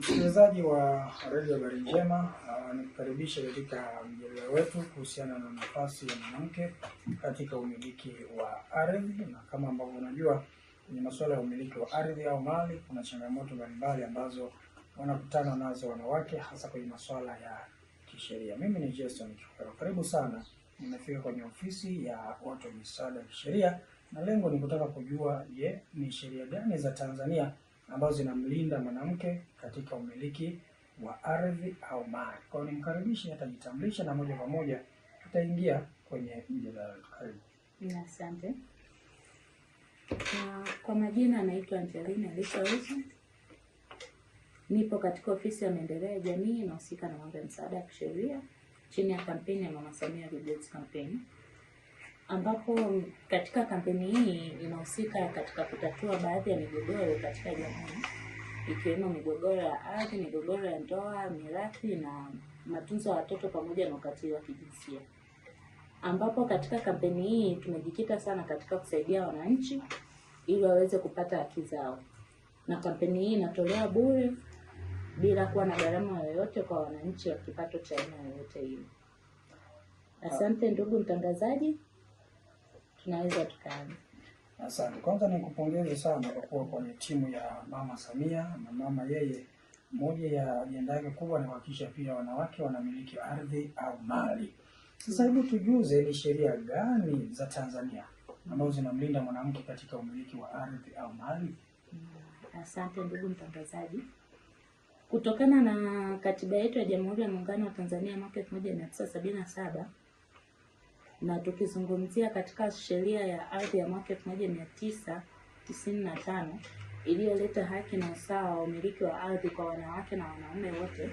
Msikilizaji wa redio Habari Njema, uh, nikukaribisha katika mjadala wetu kuhusiana na nafasi ya mwanamke katika umiliki wa ardhi, na kama ambavyo unajua kwenye masuala ya umiliki wa ardhi au mali kuna changamoto mbalimbali ambazo wanakutana nazo wanawake, hasa kwenye masuala ya kisheria. Mimi ni Jason Kipero, karibu sana. Nimefika kwenye ofisi ya watu wa misaada ya kisheria, na lengo ni kutaka kujua, je, ni sheria gani za Tanzania ambazo zinamlinda mwanamke katika umiliki wa ardhi au mali. Kwa hiyo nimkaribishe, atajitambulisha na moja kwa moja tutaingia kwenye mjadala wetu. Karibu. Asante. Kwa majina anaitwa Angelina Lishauza, nipo katika ofisi ya maendeleo ya jamii inahusika na mambo ya msaada ya kisheria chini ya kampeni ya Mama Samia Campaign ambapo katika kampeni hii inahusika katika kutatua baadhi ya migogoro katika jamii ikiwemo migogoro ya ardhi, migogoro ya ndoa, mirathi na matunzo ya watoto pamoja na ukatili wa kijinsia, ambapo katika kampeni hii tumejikita sana katika kusaidia wananchi ili waweze kupata haki zao, na kampeni hii inatolewa bure bila kuwa na gharama yoyote kwa wananchi wa kipato cha aina yoyote hiyo. Asante ndugu mtangazaji tunaweza tukaanza. Asante. Kwanza nikupongeze sana kwa kuwa kwenye timu ya Mama Samia na mama yeye, moja ya ajenda yake kubwa ni kuhakikisha pia wanawake wanamiliki ardhi au mali. Sasa hebu tujuze, ni sheria gani za Tanzania ambazo zinamlinda mwanamke katika umiliki wa ardhi au mali? Asante ndugu mtangazaji, kutokana na katiba yetu ya Jamhuri ya Muungano wa Tanzania mwaka 1977 na tukizungumzia katika sheria ya ardhi ya mwaka elfu moja mia tisa tisini na tano iliyoleta haki na usawa wa umiliki wa ardhi kwa wanawake na wanaume wote.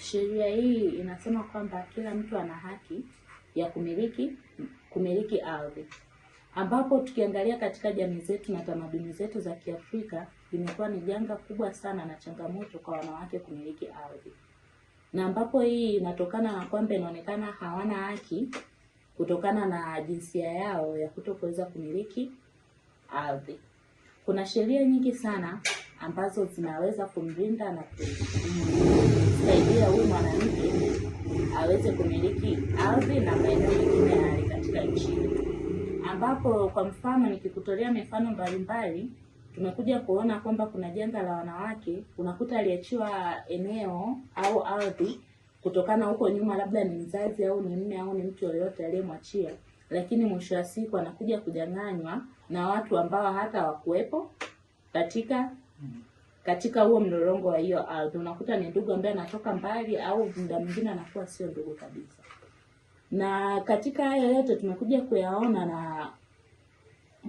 Sheria hii inasema kwamba kila mtu ana haki ya kumiliki kumiliki ardhi, ambapo tukiangalia katika jamii zetu na tamaduni zetu za Kiafrika, imekuwa ni janga kubwa sana na changamoto kwa wanawake kumiliki ardhi na ambapo hii inatokana na kwamba inaonekana hawana haki kutokana na jinsia yao ya kuto kuweza kumiliki ardhi. Kuna sheria nyingi sana ambazo zinaweza kumlinda na kusaidia huyu mwanamke aweze kumiliki ardhi na maeneo mengine katika nchi, ambapo kwa mfano nikikutolea mifano mbalimbali tumekuja kuona kwamba kuna janga la wanawake, unakuta aliachiwa eneo au ardhi kutokana huko nyuma, labda ni mzazi au ni mme au ni mtu yoyote aliyemwachia, lakini mwisho wa siku anakuja kujanganywa na watu ambao hata wakuwepo katika katika huo mlolongo wa hiyo ardhi. Unakuta ni ndugu ambaye anatoka mbali au muda mwingine anakuwa sio ndugu kabisa. Na katika haya yote tumekuja kuyaona na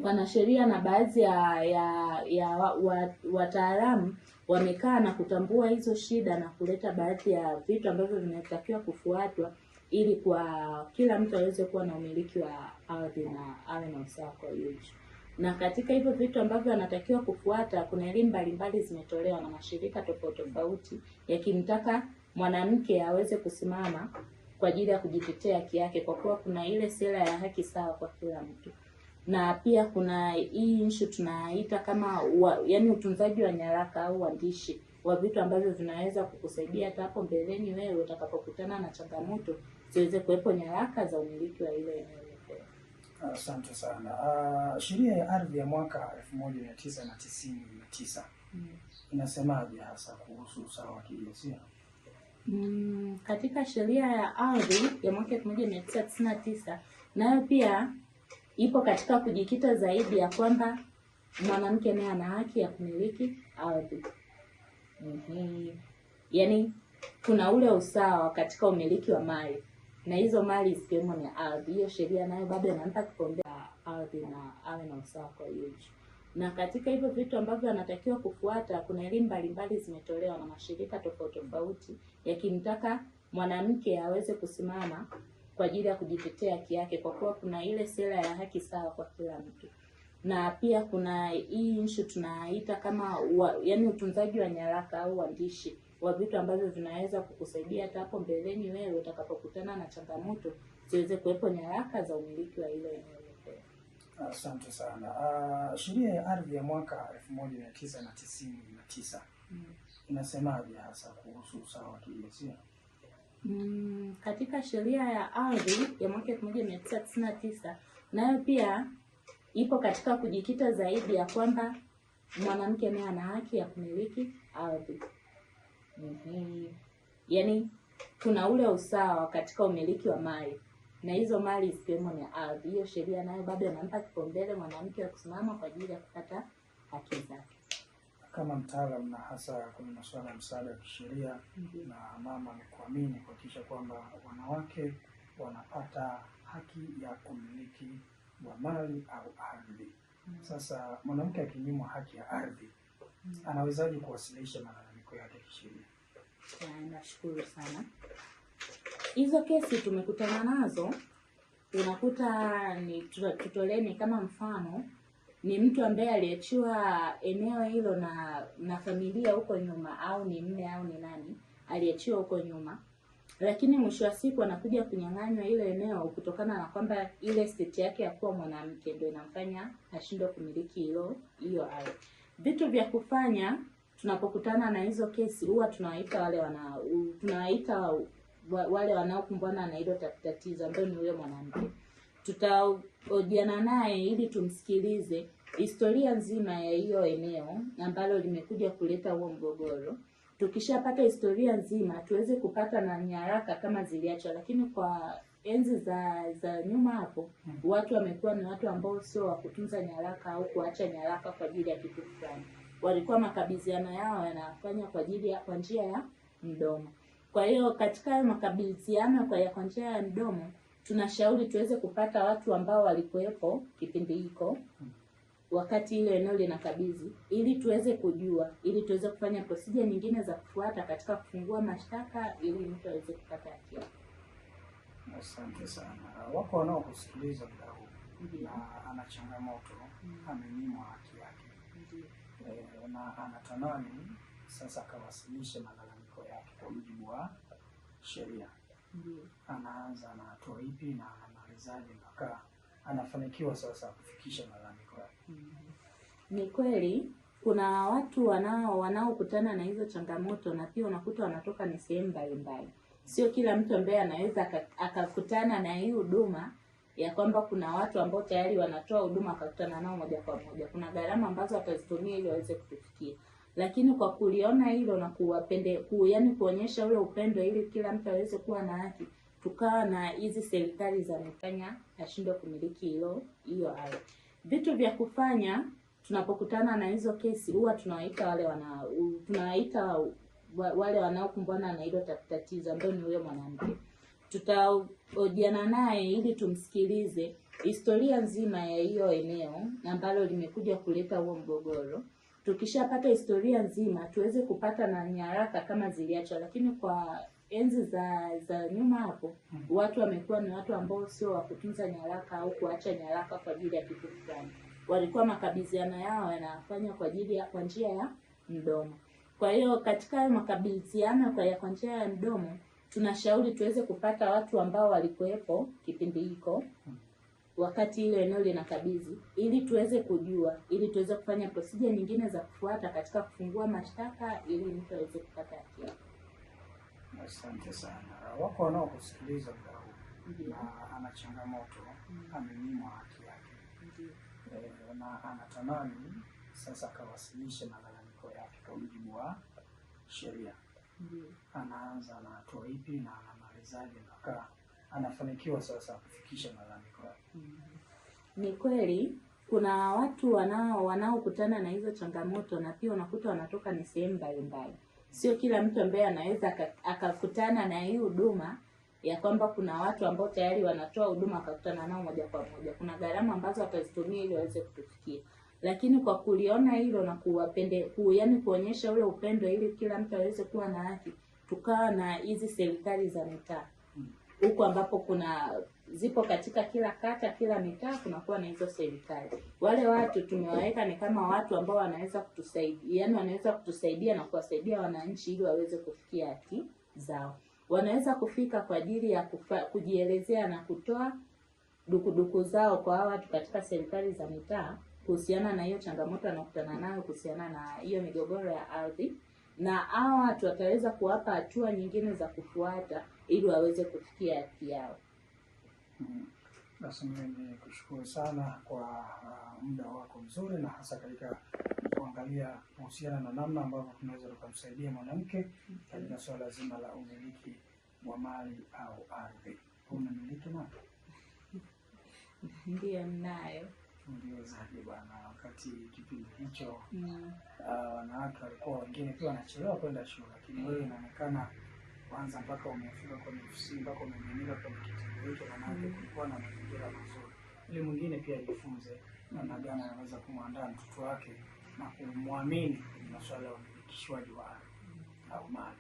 Wanasheria na baadhi ya ya, ya wataalamu wamekaa na kutambua hizo shida na kuleta baadhi ya vitu ambavyo vinatakiwa kufuatwa ili kwa kila mtu aweze kuwa na umiliki wa ardhi na awe na usawa kwa hicho. Na katika hivyo vitu ambavyo anatakiwa kufuata, kuna elimu mbalimbali zimetolewa na mashirika tofauti tofauti yakimtaka mwanamke aweze kusimama kwa ajili ya kujitetea haki yake, kwa kuwa kuna ile sera ya haki sawa kwa kila mtu na pia kuna hii issue tunaita kama wa, yani utunzaji wa nyaraka au uandishi wa vitu ambavyo vinaweza kukusaidia hata hapo mbeleni wewe utakapokutana na changamoto ziweze kuwepo nyaraka za umiliki wa ile eneo. Asante sana. Uh, sheria ya ardhi ya mwaka elfu moja mia tisa na tisini na tisa mm. inasemaje hasa kuhusu usawa wa kijinsia? Mm, katika sheria ya ardhi ya mwaka elfu moja mia tisa tisini na tisa nayo pia ipo katika kujikita zaidi ya kwamba mwanamke naye ana haki ya kumiliki ardhi. Mm-hmm. Yaani kuna ule usawa katika umiliki wa mali na hizo mali zikiwemo ni ardhi. Hiyo sheria nayo bado inampa kipaumbele ardhi na awe na usawa kwa hiyo na katika hivyo vitu ambavyo anatakiwa kufuata, kuna elimu mbalimbali zimetolewa na mashirika tofauti tofauti yakimtaka mwanamke aweze kusimama kwa ajili ya kujitetea haki yake, kwa kuwa kuna ile sera ya haki sawa kwa kila mtu, na pia kuna hii issue tunaita kama wa, yani utunzaji wa nyaraka au uandishi wa vitu ambavyo vinaweza kukusaidia hata hapo mbeleni wewe utakapokutana na changamoto ziweze kuwepo nyaraka za umiliki wa ile eneo. Asante sana. Uh, sheria ya ardhi ya mwaka elfu moja mia tisa na tisini na tisa mm. inasemaje hasa kuhusu usawa wa kijinsia? Mm, katika sheria ya ardhi ya mwaka tisa nayo pia ipo katika kujikita zaidi ya kwamba mwanamke naye ana haki ya kumiliki ardhi. mm -hmm. Yaani kuna ule usawa katika umiliki wa mali na hizo mali zikiwemo ni ardhi. Hiyo sheria nayo bado inampa kipaumbele mwanamke wa kusimama kwa ajili ya kupata haki zake kama mtaalam na hasa kwenye masuala ya msaada wa kisheria mm -hmm. na mama amekuamini kuhakikisha kwamba wanawake wanapata haki ya kumiliki wa mali au ardhi mm -hmm. Sasa mwanamke akinyimwa haki ya ardhi mm -hmm. anawezaje kuwasilisha malalamiko yake kisheria? Nashukuru sana. Hizo kesi tumekutana nazo, unakuta ni tutoleeni kama mfano ni mtu ambaye aliachiwa eneo hilo na na familia huko nyuma, au ni mme au ni nani aliachiwa huko nyuma, lakini mwisho wa siku anakuja kunyang'anywa ile eneo kutokana na kwamba ile state yake ya kuwa mwanamke ndio inamfanya ashindwe kumiliki hilo hiyo ardhi. Vitu vya kufanya tunapokutana na hizo kesi huwa tunawaita wale wana tunawaita wale wanaokumbana na hilo tatizo ambayo ni yule mwanamke, tutaojiana naye ili tumsikilize historia nzima ya hiyo eneo ambalo limekuja kuleta huo mgogoro. Tukishapata historia nzima, tuweze kupata na nyaraka kama ziliachwa, lakini kwa enzi za za nyuma hapo hmm. watu wamekuwa ni watu ambao sio wa kutunza nyaraka au kuacha nyaraka kwa ajili ya kitu fulani. Walikuwa makabidhiano yao yanafanya kwa ajili ya kwa njia ya mdomo. Kwa hiyo katika hayo makabidhiano kwa ya kwa njia ya mdomo, tunashauri tuweze kupata watu ambao walikuwepo kipindi hiko hmm wakati ile eneo linakabidhi, ili tuweze kujua, ili tuweze kufanya procedure nyingine za kufuata katika kufungua mashtaka, ili mtu aweze kupata haki yake. Asante sana. Wako wanaokusikiliza muda huu na ana changamoto, mm. amenyimwa haki yake e, na anatamani sasa akawasilishe malalamiko yake kwa mujibu wa sheria, anaanza na hatua ipi na anamalizaje mpaka anafanikiwa sasa kufikisha malalamiko yake. Mm-hmm. Ni kweli kuna watu wanao wanaokutana na hizo changamoto na pia unakuta wanatoka ni sehemu mbalimbali. Sio kila mtu ambaye anaweza akakutana na hii huduma ya kwamba kuna watu ambao tayari wanatoa huduma akakutana nao moja kwa moja. Kuna gharama ambazo atazitumia ili waweze kutufikia, lakini kwa kuliona hilo na kuwapende ku, yani kuonyesha ule upendo ili kila mtu aweze kuwa na haki tukawa na hizi serikali za Mkenya kumiliki hilo hiyo ardhi. Vitu vya kufanya tunapokutana na hizo kesi, huwa tunawaita wale wana tunawaita wale wanaokumbana na hilo tatizo ambayo ni huyo mwanamke, tutaojiana naye ili tumsikilize historia nzima ya hiyo eneo ambalo limekuja kuleta huo mgogoro. Tukishapata historia nzima, tuweze kupata na nyaraka kama ziliachwa, lakini kwa enzi za za nyuma hapo hmm. watu wamekuwa ni watu ambao sio wa kutunza nyaraka au kuacha nyaraka kwa ajili ya kitu fulani. Walikuwa makabiziano yao yanafanywa kwa ajili ya kwa njia ya mdomo. Kwa hiyo katika hayo ya kwa njia ya mdomo, tunashauri tuweze kupata watu ambao walikuwepo kipindi hiko hmm. wakati ile eneo linakabidhi, ili tuweze kujua, ili tuweze kufanya procedure nyingine za kufuata katika kufungua mashtaka, ili mtu aweze kupata haki yake. Asante sana. Wako wanaokusikiliza dau na ana changamoto, amenyimwa haki yake e, na anatamani sasa akawasilishe malalamiko yake kwa mujibu wa sheria. Anaanza na hatua ipi na anamalizaje mpaka anafanikiwa sasa kufikisha malalamiko yake? Ni kweli kuna watu wanao wanaokutana na hizo changamoto na pia unakuta wanatoka ni sehemu mbalimbali Sio kila mtu ambaye anaweza akakutana na hii huduma ya kwamba kuna watu ambao tayari wanatoa huduma akakutana nao moja kwa moja. Kuna gharama ambazo atazitumia ili waweze kutufikia, lakini kwa kuliona hilo na kuwapende ku, yani kuonyesha ule upendo ili kila mtu aweze kuwa na haki, tukawa na hizi serikali za mitaa hmm. huko ambapo kuna zipo katika kila kata, kila mitaa kunakuwa na hizo serikali. Wale watu tumewaweka ni kama watu ambao wanaweza kutusaidia, yani wanaweza kutusaidia na kuwasaidia wananchi ili waweze kufikia haki zao. Wanaweza kufika kwa ajili ya kufa, kujielezea na kutoa dukuduku zao kwa hawa watu katika serikali za mitaa kuhusiana na hiyo changamoto wanakutana nayo kuhusiana na hiyo migogoro ya ardhi, na hawa watu wataweza kuwapa hatua nyingine za kufuata ili waweze kufikia haki yao. Mm. Basi mimi ni kushukuru sana kwa uh, muda wako mzuri na hasa katika kuangalia kuhusiana na namna ambavyo tunaweza tukamsaidia mwanamke katika swala zima la umiliki wa mali au ardhi. Unamiliki mali? Ndiyo, ninayo. Ndio zaidi bwana, wakati kipindi hicho wanawake mm. uh, walikuwa wengine pia wanachelewa kwenda shule, lakini wewe inaonekana kwanza mpaka umefika kwenye ofisi mpaka umemimina kwenye kitengo hicho, manake kulikuwa na mazingira mazuri, ili mwingine pia ajifunze namna gani anaweza kumwandaa mtoto wake na kumwamini kwenye masuala ya umilikishwaji wa ardhi au mali.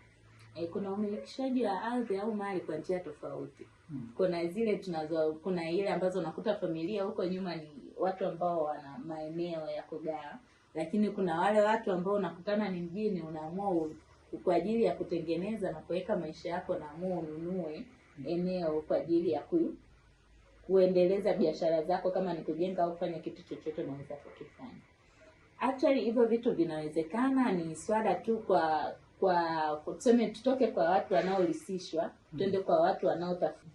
E, kuna umilikishaji wa ardhi au mali kwa njia tofauti. Hmm. Kuna zile tunazo, kuna ile ambazo unakuta familia huko nyuma ni watu ambao wana maeneo ya kugawa, lakini kuna wale watu ambao unakutana ni mjini, unaamua kwa ajili ya kutengeneza na kuweka maisha yako, naamua ununue eneo kwa ajili ya ku, kuendeleza biashara zako, kama ni kujenga au kufanya kitu chochote unaweza kukifanya. Actually hivyo vitu vinawezekana, ni swala tu kwa kwa tuseme, tutoke kwa watu wanaolisishwa mm. twende kwa watu wanaotafuta.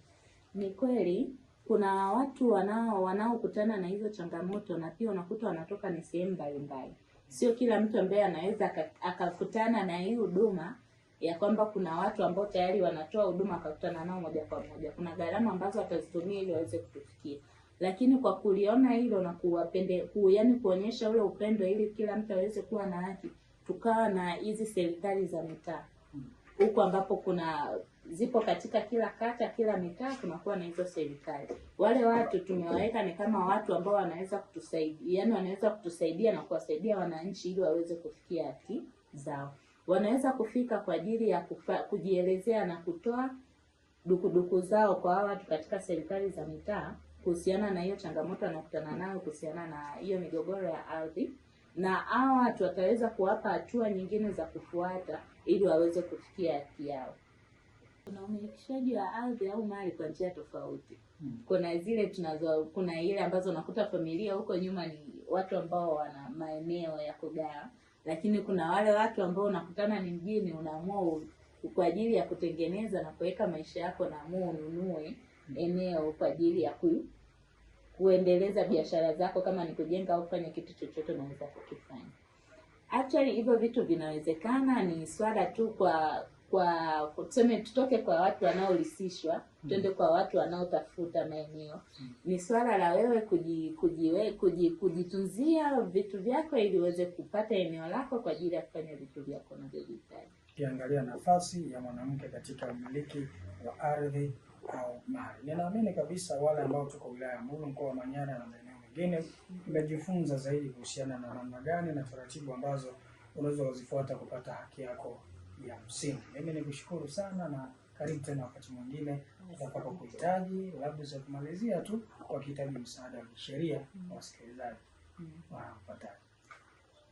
Ni kweli kuna watu wanao wanaokutana na hizo changamoto na pia unakuta wanatoka ni sehemu mbalimbali. Sio kila mtu ambaye anaweza akakutana na hii huduma ya kwamba kuna watu ambao tayari wanatoa huduma akakutana nao moja kwa moja. Kuna gharama ambazo watazitumia ili waweze kutufikia, lakini kwa kuliona hilo na kuwapende ku, yani kuonyesha ule upendo, ili kila mtu aweze kuwa na haki, tukawa na hizi serikali za mitaa huko ambapo kuna zipo katika kila kata, kila mitaa tunakuwa na hizo serikali. Wale watu tumewaweka ni kama watu ambao wanaweza kutusaidia, yani wanaweza kutusaidia na kuwasaidia wananchi ili waweze kufikia haki zao. Wanaweza kufika kwa ajili ya kufa, kujielezea na kutoa dukuduku zao kwa watu katika serikali za mitaa kuhusiana na hiyo changamoto anakutana nayo kuhusiana na hiyo migogoro ya ardhi na hawa watu wataweza kuwapa hatua nyingine za kufuata ili waweze kufikia haki yao. Kuna umilikishaji wa ardhi au mali kwa njia tofauti. Hmm. Kuna zile tunazo, kuna ile ambazo unakuta familia huko nyuma ni watu ambao wana maeneo ya kugawa, lakini kuna wale watu ambao unakutana ni mjini, unaamua kwa ajili ya kutengeneza na kuweka maisha yako, naamua ununue hmm. eneo kwa ajili ya ku kuendeleza biashara zako, kama ni kujenga au kufanya kitu chochote unaweza kukifanya. Actually hivyo vitu vinawezekana, ni swala tu kwa kwa tuseme, tutoke kwa watu wanaolisishwa hmm. twende kwa watu wanaotafuta maeneo. Hmm. Ni swala la wewe kuji, kujiwe, kuji, kujitunzia vitu vyako ili uweze kupata eneo lako kwa ajili ya kufanya vitu vyako unavyohitaji. Ukiangalia nafasi ya mwanamke katika umiliki wa ardhi au mali. Ninaamini kabisa wale ambao tuko wilaya ya Mbulu, mkoa wa Manyara na maeneo mengine, mmejifunza zaidi kuhusiana na namna gani na taratibu ambazo unaweza kuzifuata kupata haki yako ya msingi. Mimi nikushukuru sana na karibu tena wakati mwingine kuhitaji labda za kumalizia tu, wakihitaji msaada wa kisheria na wasikilizaji wanapataje?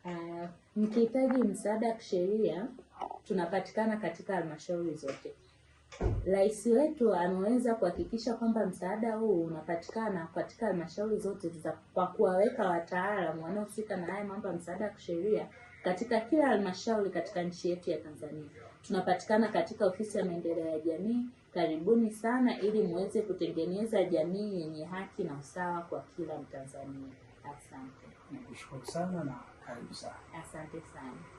Uh, ah, msaada wa kisheria tunapatikana katika halmashauri zote. Rais wetu ameweza kuhakikisha kwamba msaada huu unapatikana katika halmashauri zote kwa kuwaweka wataalamu wanaohusika na haya mambo ya msaada wa kisheria katika kila halmashauri katika nchi yetu ya Tanzania. Tunapatikana katika ofisi ya maendeleo ya jamii. Karibuni sana ili muweze kutengeneza jamii yenye haki na usawa kwa kila Mtanzania. Asante. Nakushukuru sana na karibu sana. Asante sana.